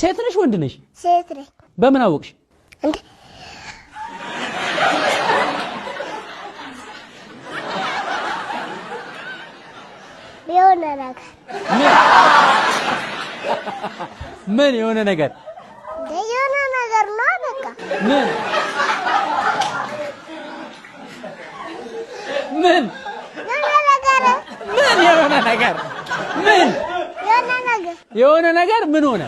ሴት ነሽ ወንድ ነሽ? ሴት ነሽ። በምን አወቅሽ? የሆነ ነገር ምን የሆነ ነገር የሆነ ነገር ነው። በቃ ምን ምን የሆነ ነገር ምን የሆነ ነገር ምን ሆነ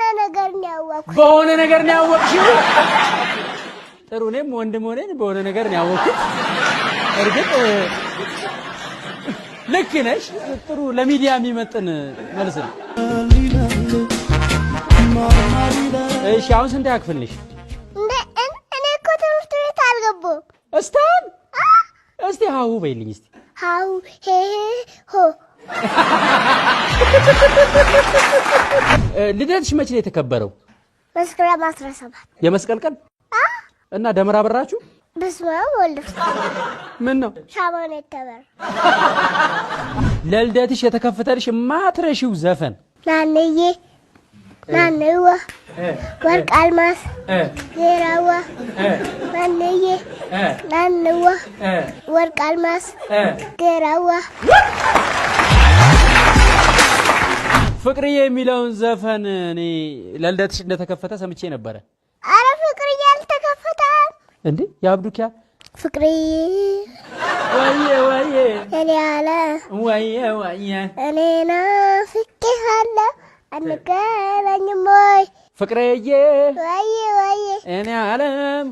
በሆነ ነገር ነው ያወቅሁት። በሆነ ነገር ነው ያወቅሽው? ጥሩ። እኔም ወንድም ሆነን በሆነ ነገር ነው ያወቅሁት። እርግጥ ልክ ነሽ። ጥሩ፣ ለሚዲያ የሚመጥን መልስ ነው። እሺ፣ አሁን ስንት ያክፍልሽ? እኔ እኮ ትምህርት ቤት አልገባሁም። እስታን እስቲ ሀሁ በይልኝ እስቲ ሀሁ ሄ ሆ ልደትሽ መቼ ነው የተከበረው? መስከረም 17 የመስቀል ቀን እና ደመራ በራችሁ? በስመ አብ ወልድ ምን ነው ሻማን የተበር ለልደትሽ የተከፈተልሽ ማትረሺው ዘፈን ናንዬ ናንዋ ወርቅ አልማስ ዜራዋ ናንዬ ናንዋ ወርቅ አልማስ ዜራዋ ፍቅርዬ የሚለውን ዘፈን እኔ ለልደትሽ እንደተከፈተ ሰምቼ ነበረ። አረ ፍቅርዬ አልተከፈተም እንዴ? የአብዱኪያ ፍቅርዬ ወየ ወየ እኔ አለ ወየ ወየ እኔ ናፍቄሃለሁ አንገናኝም ወይ ፍቅርዬ እኔ አለም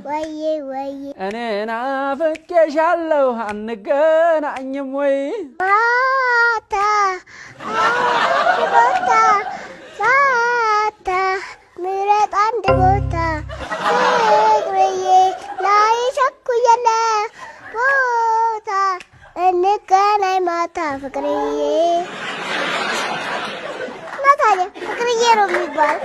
እኔ ናፍቄሻለሁ አንገናኝም ወይ ማታ ቦታ ማታ ምረጥ አንድ ቦታ ፍቅርዬ ላይሸኩየለ ቦታ እንገናኝ ማታ ፍቅርዬ ማታ ፍቅርዬ ነው የሚባል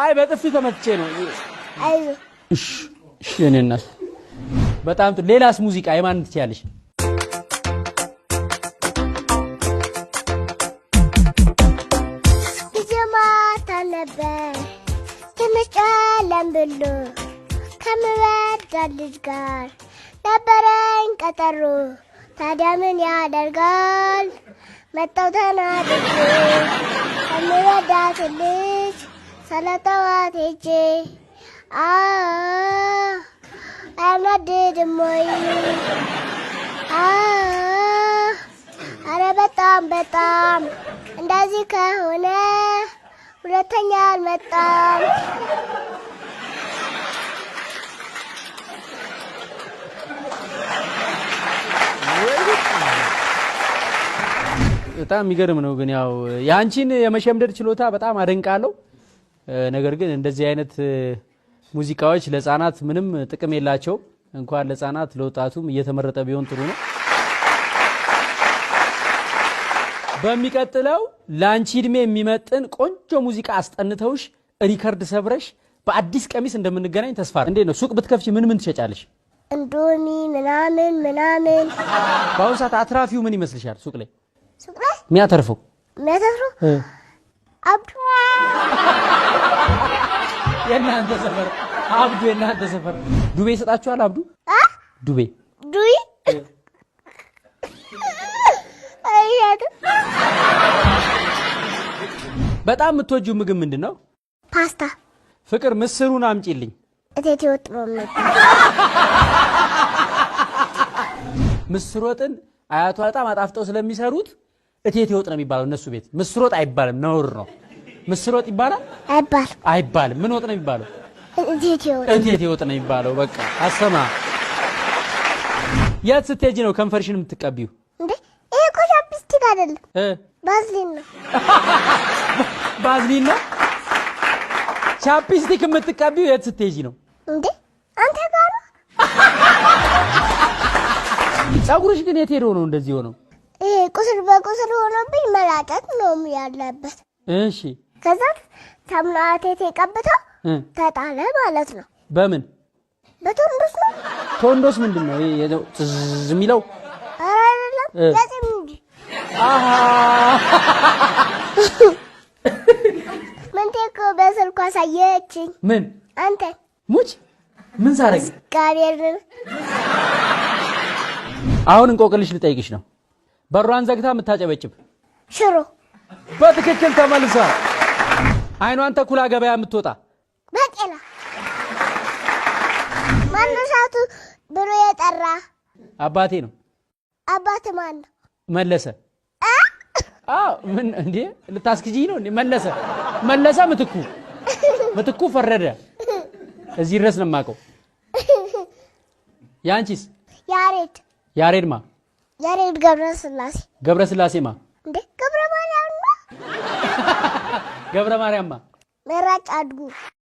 አይ በጥፊ ተመትቼ ነው። እሺ እሺ። እኔ እናት በጣም ሌላስ ሙዚቃ የማን ትችያለሽ? ብሎ ከምበዳ ልጅ ጋር ነበረኝ ቀጠሮ። ታዲያ ምን ያደርጋል መጣው ተናድጄ ልረዳት ልጅ ሰለተዋት ሄጄ አያናድድም ወይ? አረ በጣም በጣም እንደዚህ ከሆነ ሁለተኛ አልመጣም። በጣም የሚገርም ነው። ግን ያው የአንቺን የመሸምደድ ችሎታ በጣም አደንቃለሁ። ነገር ግን እንደዚህ አይነት ሙዚቃዎች ለህፃናት ምንም ጥቅም የላቸው። እንኳን ለህፃናት ለወጣቱም እየተመረጠ ቢሆን ጥሩ ነው። በሚቀጥለው ለአንቺ እድሜ የሚመጥን ቆንጆ ሙዚቃ አስጠንተውሽ ሪከርድ ሰብረሽ በአዲስ ቀሚስ እንደምንገናኝ ተስፋ። እንዴት ነው ሱቅ ብትከፍች ምን ምን ትሸጫለሽ? እንዶኒ ምናምን ምናምን። በአሁኑ ሰዓት አትራፊው ምን ይመስልሻል ሱቅ ላይ? የሚያተርፈው አብዱ የእናንተ ሰፈር አብዱ የእናንተ ሰፈር ዱቤ ይሰጣችኋል። አብዱ ዱቤ በጣም የምትወጂው ምግብ ምንድን ነው? ፓስታ። ፍቅር ምስሩን አምጪልኝ። እቴቴ ወጥ ምስር ወጥን አያቷ በጣም አጣፍጠው ስለሚሰሩት እቴቴ ወጥ ነው የሚባለው እነሱ ቤት። ምስር ወጥ አይባልም፣ ነውር ነው። ምስር ወጥ ይባላል አይባልም። ምን ወጥ ነው የሚባለው? እቴቴ ወጥ ነው የሚባለው። በቃ አሰማ። የት ስትሄጂ ነው ከንፈርሽን የምትቀቢው? እንዴ ይሄ እኮ ቻፕስቲክ አይደለም፣ ባዝሊን ነው። ባዝሊን ነው። ቻፕስቲክ የምትቀቢው የት ስትሄጂ ነው? እንዴ አንተ ጋር ነው። ግን የት ሄዶ ነው እንደዚህ ሆነው? ቁስል በቁስል ሆኖብኝ መላጠት ነው ያለበት። እሺ ከዛ ተምናቴት የቀብተው ተጣለ ማለት ነው። በምን በቶንዶስ ነው። ቶንዶስ ምንድን ነው የሚለው? አይደለም ለጽም እንጂ ምንቴ እኮ በስልኩ አሳየችኝ። ምን አንተ ሙች ምን ሳረግ ጋር አሁን እንቆቅልሽ ልጠይቅሽ ነው በሯን ዘግታ የምታጨበጭብ ሽሮ። በትክክል ተመልሳ። አይኗን ተኩላ ገበያ የምትወጣ በቄላ። ማነሳቱ ብሎ የጠራ አባቴ ነው። አባት ማን ነው? መለሰ። አዎ ምን እንዴ ልታስክጂኝ ነው? መለሰ መለሰ ምትኩ ምትኩ ፈረደ። እዚህ ድረስ ነው የማውቀው። ያንቺስ? ያሬድ ያሬድ ማ ያሬድ ገብረስላሴ ማ እንዴ ገብረ ማርያምማ ገብረ ማርያም ማ መራጭ አድጉ